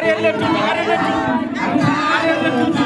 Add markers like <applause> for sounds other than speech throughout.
arrière leen tuuti arrière leen tuuti arrière leen tuuti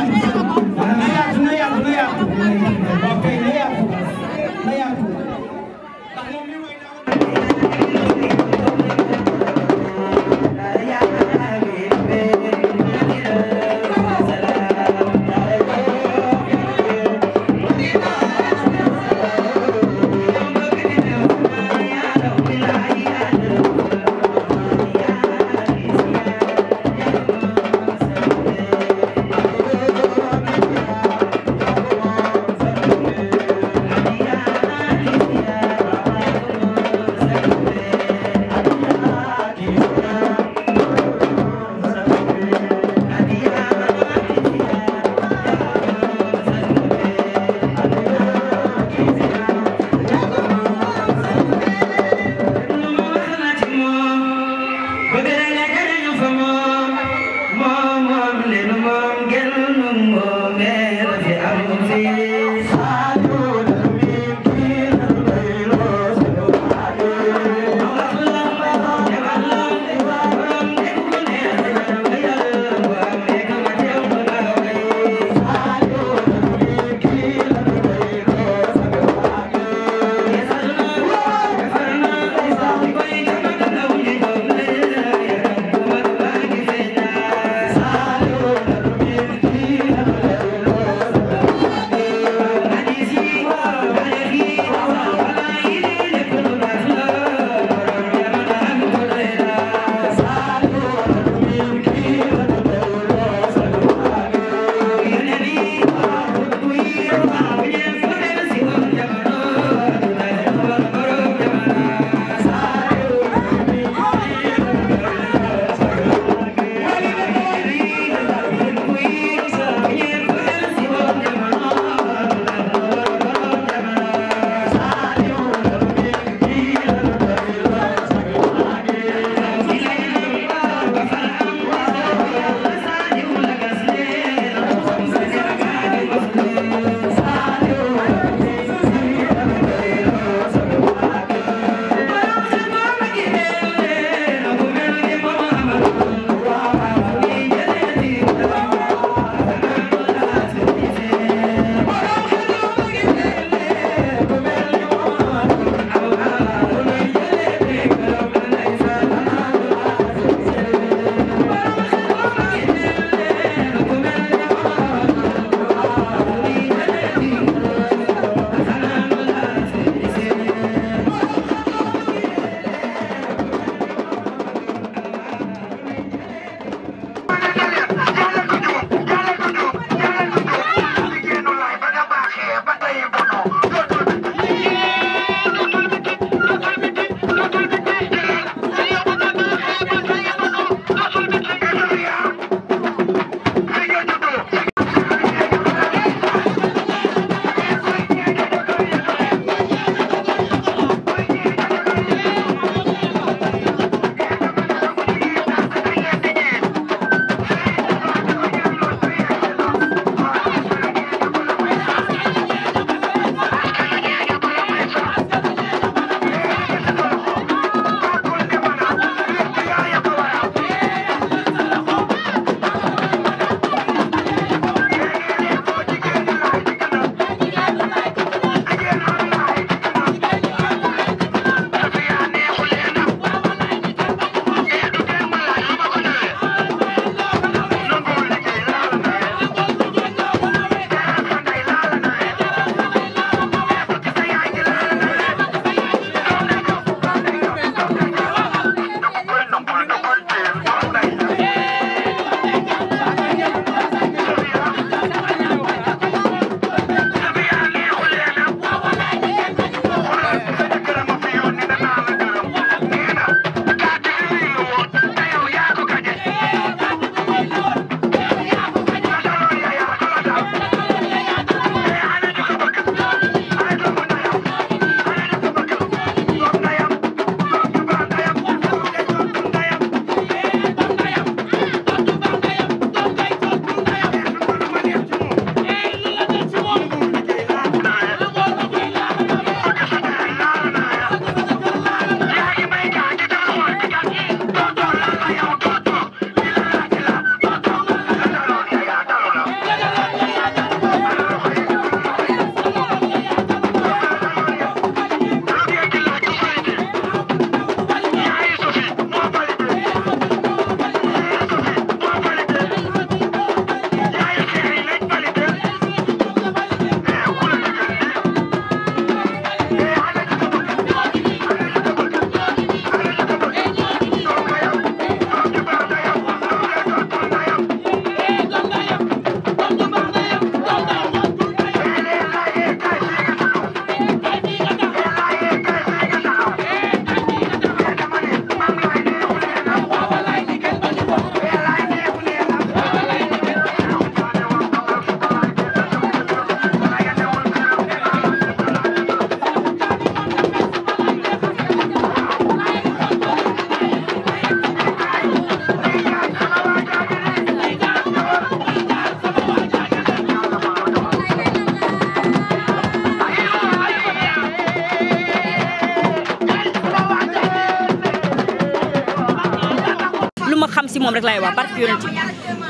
rek lay wax barke yonent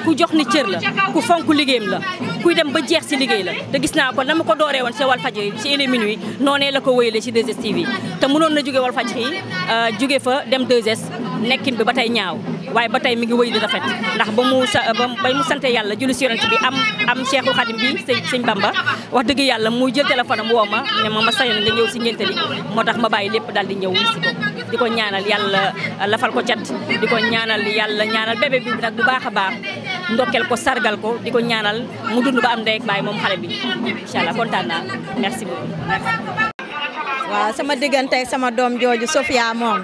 ku jox ni cër la ku fonk liggéeyam la kuy dem ba jeex si liggéey la te gis naa ko na ma ko dooree woon si Walfadjri si ci est wi noonee la ko wéyale si 2STV yi te mënoon na jóge Walfadjri euh, jóge fa dem 2S nekkin bi ba tey ñaaw waaye ba tey mi ngi wéy di rafet ndax ba mu sa ba mu sante yàlla julli si yonent bi am am Cheikhul Khadim bi sëñ sëñ Bamba wax dëgg yàlla mu jël téléphone am woo ma ne ma ma sañoon nga ñëw si ngénte li moo tax ma bàyyi lépp daal di ñëw di ko ñaanal yàlla lafal ko cat di ko ñaanal yàlla ñaanal bébé bi nag bu baax a baax ndokkel ko sargal ko di ko ñaanal mu dund ba am ndey ak baay moom xale bi incha allah kontaan merci beaucoup. waaw sama diggante sama doom jooju Sofia moom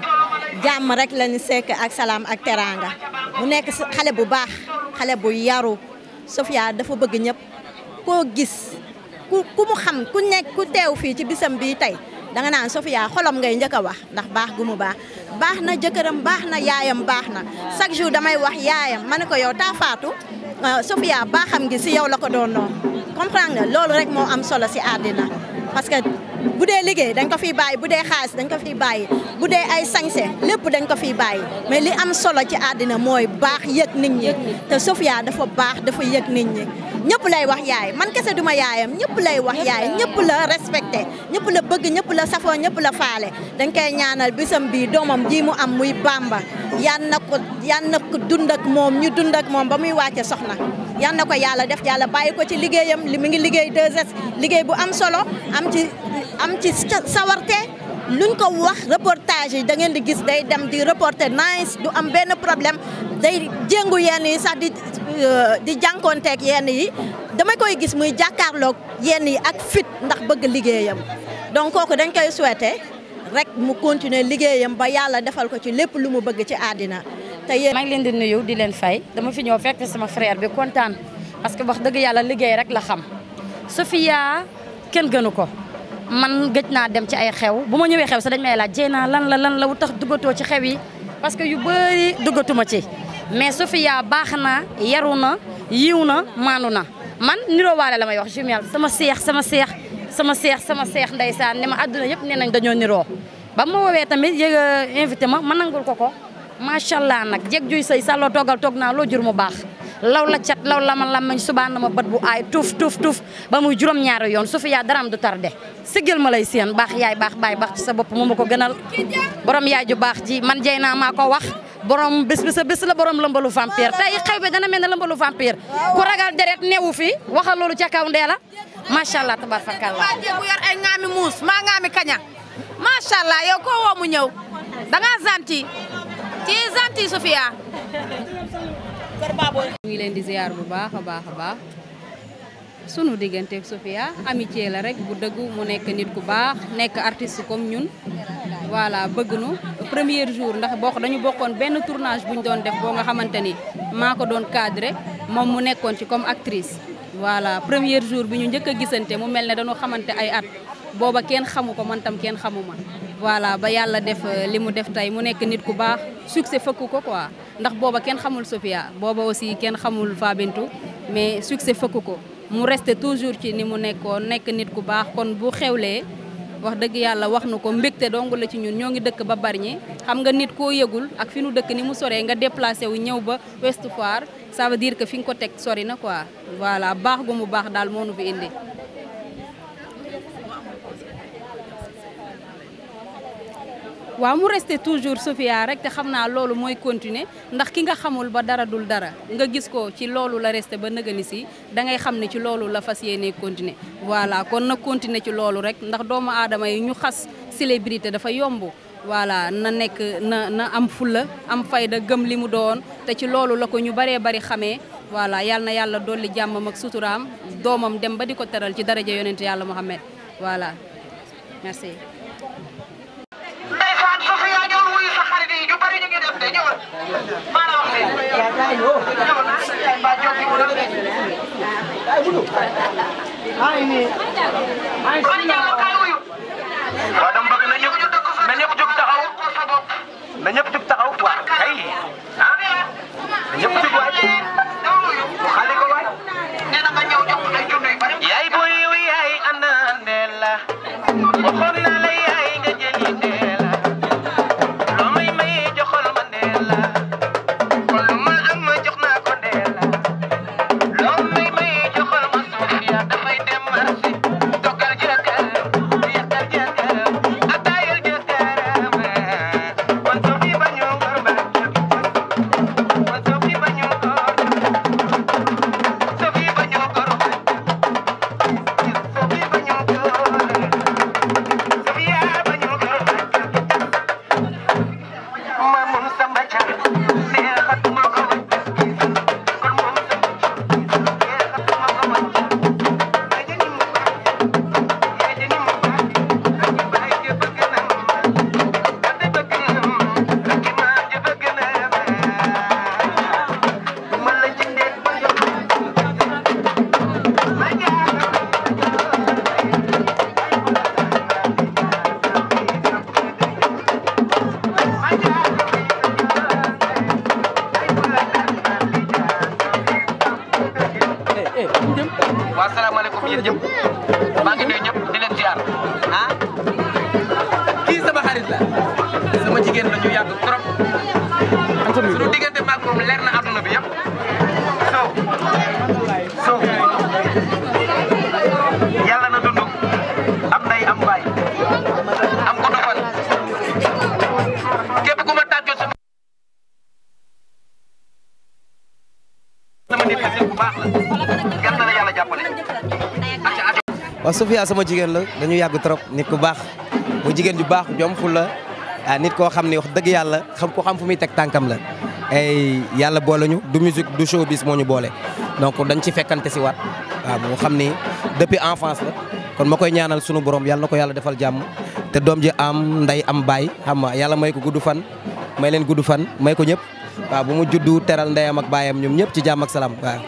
jàmm rek lañu sekk ak salaam ak teraanga mu nekk xale bu baax xale bu yaru Sofia dafa bëgg ñépp koo gis ku ku mu xam ku nekk ku teew fii ci bisam bi tey danga naan Sofia xolam ngay njëkk a wax ndax baax gu mu baax baax na jëkkëram baax na yaayam baax na chaque jour damay wax yaayam ma ne ko yow taa faatu euh, baa xam gi si yow la ko doon noonu comprendre nga loolu rek moo am solo si àddina parce que bu dee liggéey dañ ko fiy bàyyi bu dee xaalis dañ ko fiy bàyyi bu dee ay sañse lépp dañ ko fiy bàyyi mais li am solo ci àddina mooy baax yëg nit ñi te Sofia dafa baax dafa yëg nit ñi ñëpp lay wax yaay man kese duma yaayam ñëpp lay wax yaay ñëpp la respecté ñëpp la bëgg ñëpp la safoo ñëpp la faale dañ koy ñaanal bisam bii doomam ji mu am muy Bamba yan na ko yan na ko dund ak moom ñu dund ak moom ba muy wàcce soxna yan na ko yàlla def yàlla bàyyi ko ci liggéeyam li mu ngi liggéey 2 liggéey bu am solo am ci sawarte luñ ko wax reportage yi da ngeen di gis day dem di reporter nice du am benn problème day jéngu yenn yi sax di euh, di jànkoonteeg yenn yi dama koy gis muy jàkkaarloog yenn yi ak fit ndax bëgg liggéeyam donc kooku dañ koy souhaiter rek mu continuer liggéeyam ba yàlla defal ko ci lépp lu mu bëgg ci àddina te yéen maa ngi leen di nuyu di leen fay dama fi ñëw fekk sama frère bi kontaan parce que wax dëgg yàlla liggéey rek la xam Sofia kenn gënu ko man gëj naa dem ci ay xew bu ma ñëwee xew sa dañ may laaj naa lan la lan la wu tax duggatoo ci xew yi parce que yu bëri duggatuma ci mais Sofia baax naa yaru na yiw na maanu na man niroo waale la may wax jumelle sama seex sama seex sama seex sama seex ndeysaan ne ma àdduna yëpp nee nañ dañoo niroo ba ma woowee tamit yëg invité ma ma nangul ko ko macha allah nag jeg juy sëy sàlloo toogal toog naa loo jur mu baax law la cat law la ma làmmañ subaan na ma bët bu aay tuuf tuuf tuuf ba muy juróom-ñaari yoon su fi yaa daraam du tardé siggal ma lay seen baax yaay baax baay baax ci sa bopp moom ma ko gënal borom yaay ju baax ji man jey naa maa ko wax borom bés bi sa bés la borom lëmbalu vampire i xew bi dana mel ne lëmbalu vampire ku ragal deret neewu fi waxal loolu ca kaw ndee la macha allah tabarakallah bu yor ay ngaami muus maa ngaami kaña macha allah yow koo woo mu ñëw da ngaa ci Sofia ñu ngi leen di ziar bu baax a baax a baax sunu digganteek Sofia amitié la rek bu dëgg mu nekk nit ku baax nekk artiste comme ñun voilà bëgg nu premier jour ndax bokk dañu bokkoon benn tournage bu ñu doon def boo nga xamante ni maa ko doon cadré moom mu nekkoon ci comme actrice. voilà premier jour bi ñu njëkk a gisante mu mel ne dañoo xamante ay at booba kenn xamu ko mëntam kenn xamu ma voilà ba yàlla def eh, li mu def tey mu nekk nit ku baax succès fëkk ko quoi. ndax booba kenn xamul Sofia booba aussi kenn xamul Fabintu mais succès fëkk ko mu resté toujours ci ni mu nekkoon nekk nit ku baax kon bu xewlee wax dëgg yàlla wax nu ko mbégte dong la ci ñun ñoo ngi dëkk ba Bargny xam nga nit koo yëgul ak fi nu dëkk ni mu soree nga déplacé wu ñëw ba Ouest Foire ça veut dire que fi nga ko teg sori na quoi voilà baax gu mu baax daal moo nu fi indi waaw mu rester toujours Sofia rek te xam naa loolu mooy continuer ndax ki nga xamul ba dara dul dara nga gis ko ci loolu la rester ba nëgëni si da ngay xam ne ci loolu la fas yéenee continuer voilà kon na continuer ci loolu rek ndax doomu aadama yi ñu xas célébrité dafa yomb voilà na nekk na na am fulla am fayda gëm li mu doon te ci loolu la ko ñu baree bari xame voilà yal na yàlla dolli jàmmam ak suturaam doomam dem ba di ko teral ci dara daraja yonent yàlla Muhammad voilà merci ñëwal maa la wax leen ñëwal mbaa jóg ci wala maa ngi nii kon yàlla kaay wuyu na ñëpp jóg taxaw na ñëpp àdduna bi yëpp sama jigéen la dañu yàgg trop nit ku baax mu jigéen ju baax jom fu la ah, nit koo xam ne wax dëgg yàlla xam ko xam fu muy teg tànkam la ay yàlla boole ñu du musique du showbiz moo ñu boole donc dañ ci fekkante si waat waaw moo xam ni depuis enfance la kon ma koy ñaanal sunu borom yàlla na ko yàlla defal jàmm te doom ji am nday am baay xam nga yàlla may ko gudd fan may leen gudd fan may ko ñëpp waaw bu mu juddu teral ndeyam ak baayam ñoom ñëpp ci jàmm ak salaam waaw.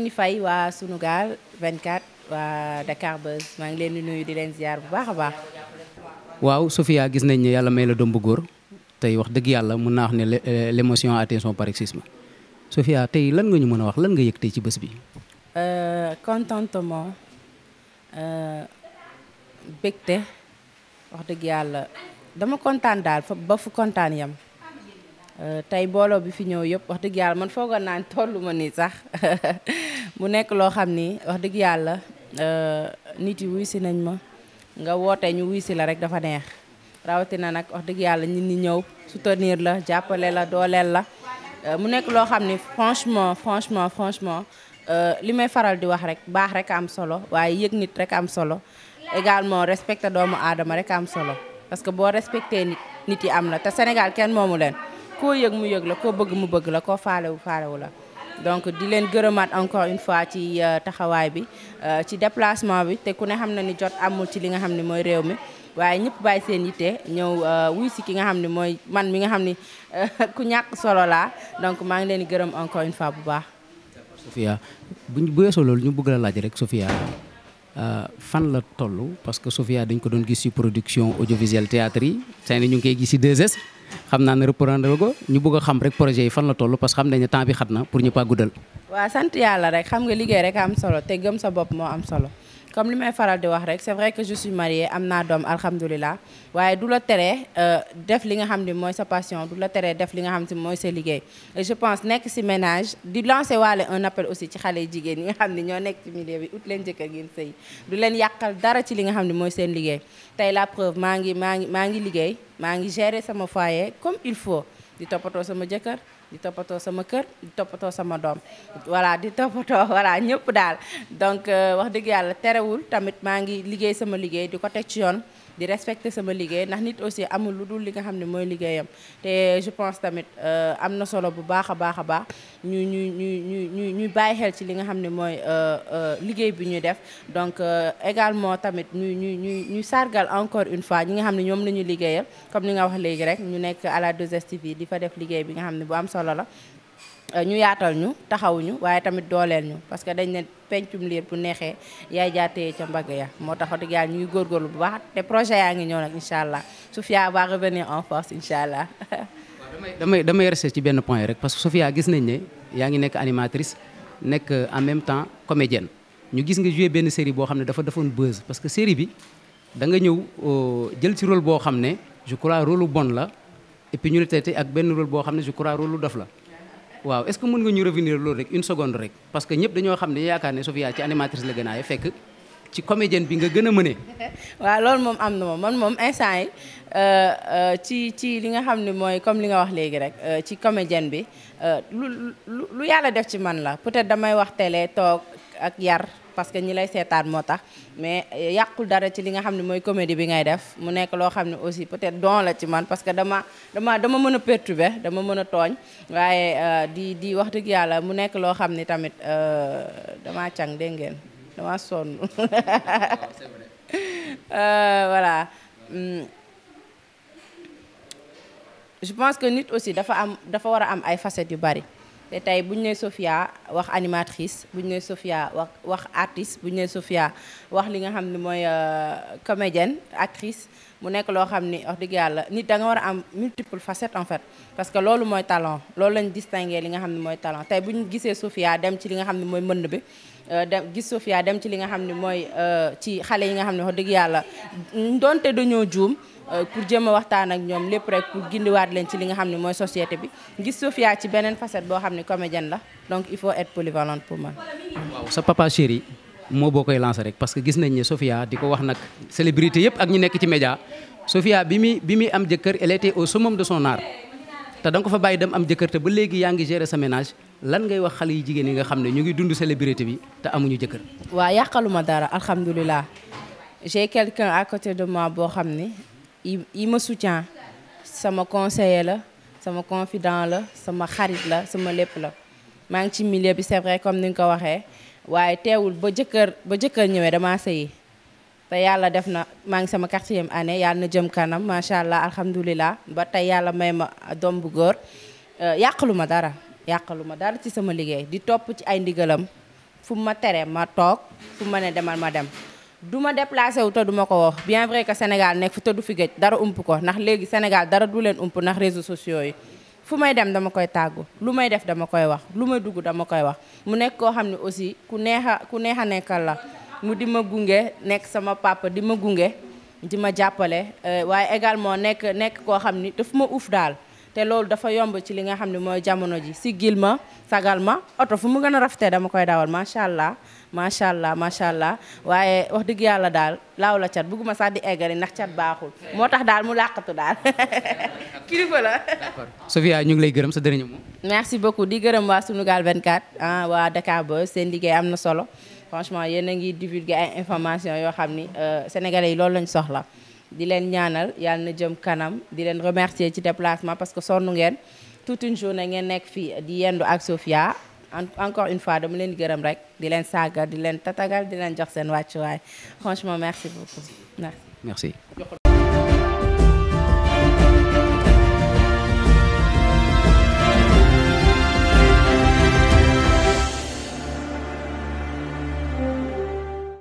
ngeen waa sunu gaal Sunugal 24 waa Dakar Buzz maa ngi leen di nuyu di leen ziar bu baax a baax. waaw Sofia gis nañ ne yàlla may la doom bu góor tey wax dëgg yàlla mun naa wax ne euh, l'émotion a atteint son paroxysme Sofia tey lan nga ñu mën a wax lan nga yëg tey ci bés bi. Euh, contentement euh, bégte wax dëgg yàlla dama kontaan daal ba fu kontaan yam. Euh, tey booloo bi fi ñëw yëpp wax dëgg yàlla man foogoon naa tollu ma nii sax <laughs> mu nekk loo xam ni wax dëgg yàlla euh, nit yi wuy nañ ma nga woote ñu wuy si la rek dafa neex rawatina nag wax dëgg yàlla nit ñi ñëw soutenir la jàppale la dooleel la euh, mu nekk loo xam ni franchement franchement franchement li may faral di wax rek baax rek am solo waaye yëg nit rek am solo également respecté doomu aadama rek am solo parce que boo respecté nit nit yi am la te Sénégal kenn moomu leen koo yëg mu yëg la koo bëgg mu bëgg la koo faalewu faalewu la donc di leen gërëmaat encore une fois ci euh, taxawaay bi euh, ci déplacement bi te ku ne xam na ni jot amul ci li nga xam ni mooy réew mi waaye ñëpp bàyyi seen yitte ñëw euh, wuy si ki nga xam ni mooy man mi nga xam ne <laughs> ku ñàkk solo laa donc maa ngi leen di gërëm encore une fois bu baax. Sofia bu ñu weesoo loolu ñu bëgg la laaj rek Sofia fan la toll parce que Sofia dañ ko doon gis si production audiovisuelle théâtre yi tey ñu ngi koy gis si xam naa ne reprendre ko ñu bëgg a xam rek projet yi fan la toll parce que xam nañ ne temps bi xat na pour ñu pas guddal. waa sant yàlla rek xam nga liggéey rek am solo te gëm sa bopp moo am solo comme li may faral di wax rek c'est vrai que je suis mariée am naa doom alhamdulilah waaye du la teree euh, def li nga xam ne mooy sa passion du la teree def li nga xam ne mooy sa liggéey je pense nekk si ménage di lancer waale un appel aussi ci xale yi jigéen ñi nga xam ne ñoo nekk ci milieu bi ut leen jëkkër ngeen sëy du leen yàqal dara ci li nga xam ne mooy seen liggéey tey la preuve maa ngi maa ngi maa ngi liggéey maa ngi gérer sama foyer comme il faut di toppatoo sama jëkkër di toppatoo sama kër di toppatoo sama doom voilà di toppatoo voilà ñëpp daal donc euh, wax dëgg yàlla terewul tamit maa ngi liggéey sama liggéey di ko teg ci yoon di respecter sama liggéey ndax nit aussi amul lu dul li nga xam ne mooy liggéeyam te je pense tamit euh, am na solo bu baax a baax a baax ñu ñuy ñu ñu ñu ñu bàyyi xel ci li nga xam ne mooy euh, euh, liggéey bi ñu def donc également tamit ñu ñuy ñu ñu sargal encore une fois ñi nga xam ne ñoom la ñu liggéeyal comme ni nga wax léegi rek ñu nekk à la 2STV di fa def liggéey bi nga xam ne bu am solo la Euh, ñu yaatal ñu taxaw ñu waaye tamit dooleel ñu parce que dañ ne pencum liir bu neexee yaay jaatee ca mbagg ya moo tax wax dëgg ñu ngi góorgóorlu bu baax te projet yaa ngi ñëw nag incha allah Sofia va revenir en force incha allah. <laughs> damay damay damay rester ci benn point rek parce que Sofia gis nañ ne yaa ngi nekk animatrice nekk euh, en même temps comédienne ñu gis nga joué benn série boo xam ne dafa defoon buzz parce que série bi da nga ñëw euh, jël ci rôle boo xam ne je crois rôle lu bon la et puis ak benn rôle boo xam ne je crois rôle dof la. waaw est-ce que mën nga ñu revenir loolu rek une seconde rek parce que ñëpp dañoo xam ne yaakaar ne Sofia ci animatrice la gën a fekk ci comédienne bi nga gën a mëne. <laughs> waa loolu moom am na moom man moom instant yi euh, euh, ci ci li nga xam ne mooy comme li nga wax léegi rek euh, ci comédienne bi lu lu lu yàlla def ci man la peut-être damay wax télé toog ak yar parce que ñi lay seetaan moo tax mais yàqul dara ci li nga xam ne mooy comédie bi ngay def mu nekk loo xam ne aussi peut-être don la ci man parce que dama dama dama mën a perturber dama mën a tooñ waaye euh, di di wax dëgg yàlla mu nekk loo xam ni tamit euh, damaa càng dégg ngeen damaa sonn <laughs> euh, voilà hmm. je pense que nit aussi dafa am dafa war a am ay facettes yu bari te tey bu ñu nee Sofia wax animatrice bu ñu nee Sofia wax wax artiste bu ñu nee Sofia wax li nga xam ne mooy euh, comédienne actrice mu nekk loo xam ni wax dëgg yàlla nit da nga war a am multiple facette en fait parce que loolu mooy talent loolu lañ distingué li nga xam ne mooy talent tey bu ñu gisee Sofia dem ci li nga xam ne mooy mën bi euh, dem gis Sofia dem ci li nga xam ne mooy euh, ci xale yi nga xam ne wax dëgg yàlla donte dañoo juum euh, pour jéem a waxtaan ak ñoom lépp rek pour gindiwaat leen ci li nga xam ne mooy société bi gis Sofia ci beneen facette boo xam ne comédienne la donc il faut être polyvalente pour man. waaw sa papa moo boo koy lancé rek parce que gis nañ ne Sofia di ko wax nag célébrité yëpp ak ñu nekk ci média Sofia bi muy bi muy am jëkkër elle était au summum de son art te da ko fa bàyyi dem am jëkkër te ba léegi yaa ngi gérer sa ménage lan ngay wax xale yi jigéen yi nga xam ne ñu ngi dund célébrité bi te amuñu jëkkër. waaw ma dara alhamdulilah j'ai quelqu'un à côté de moi boo xam ni yi ma soutient sama conseiller la sama confident la sama xarit la sama lépp la maa ngi ci milieu bi c'est comme ni nga ko waxee. waaye teewul ba jëkkër ba jëkkër ñëwee damaa sëyi te yàlla def na maa ngi sama quatrième année yàlla na jëm kanam macha allah alhamdulilah ba tey yàlla may ma doom bu góor euh, yàqlu ma dara yàqalu ma dara ci sama liggéey di topp ci ay ndigalam fu ma tere ma toog fu ma ne demal ma dem du ma déplacé wu te du ma ko wax bien vrai que Sénégal nekk fu te du fi géej dara ump ko ndax léegi Sénégal dara du leen ump ndax réseau sociaux yi fu may dem dama koy tàggu lu may def dama koy wax lu may dugg dama koy wax mu nekk koo xam ne aussi ku neex a ku neex a nekkal la mu di ma gunge nekk sama papa di ma gunge di ma jàppale euh, waaye également nekk nekk koo xam ni fu ma uuf daal te loolu dafa yomb ci li nga xam ne mooy jamono ji siggil ma sagal ma oto fu mu gën a rafetee dama koy dawal macha allah macha allah macha allah waaye wax dëgg yàlla daal laaw la cat bëgguma sax di eggali ndax cat baaxul moo tax daal mu làqatu daal <laughs> kilifa la. d'accord Sofia ñu ngi lay gërëm sa dernier mot. merci beaucoup di gërëm waa Sunugal 24 ah waa Dakar ba seen liggéey am na solo franchement yéen a ngi divulguer ay information yoo xam ni euh, sénégalais yi loolu lañ soxla. di leen ñaanal yàlla na jëm kanam di leen remercier ci déplacement parce que sonn ngeen toute une journée ngeen nekk fii di yendu ak Sofia encore une fois dama leen gërëm rek di leen saagal di leen tatagal di leen jox seen wàccuwaay franchement merci beaucoup merci. merci.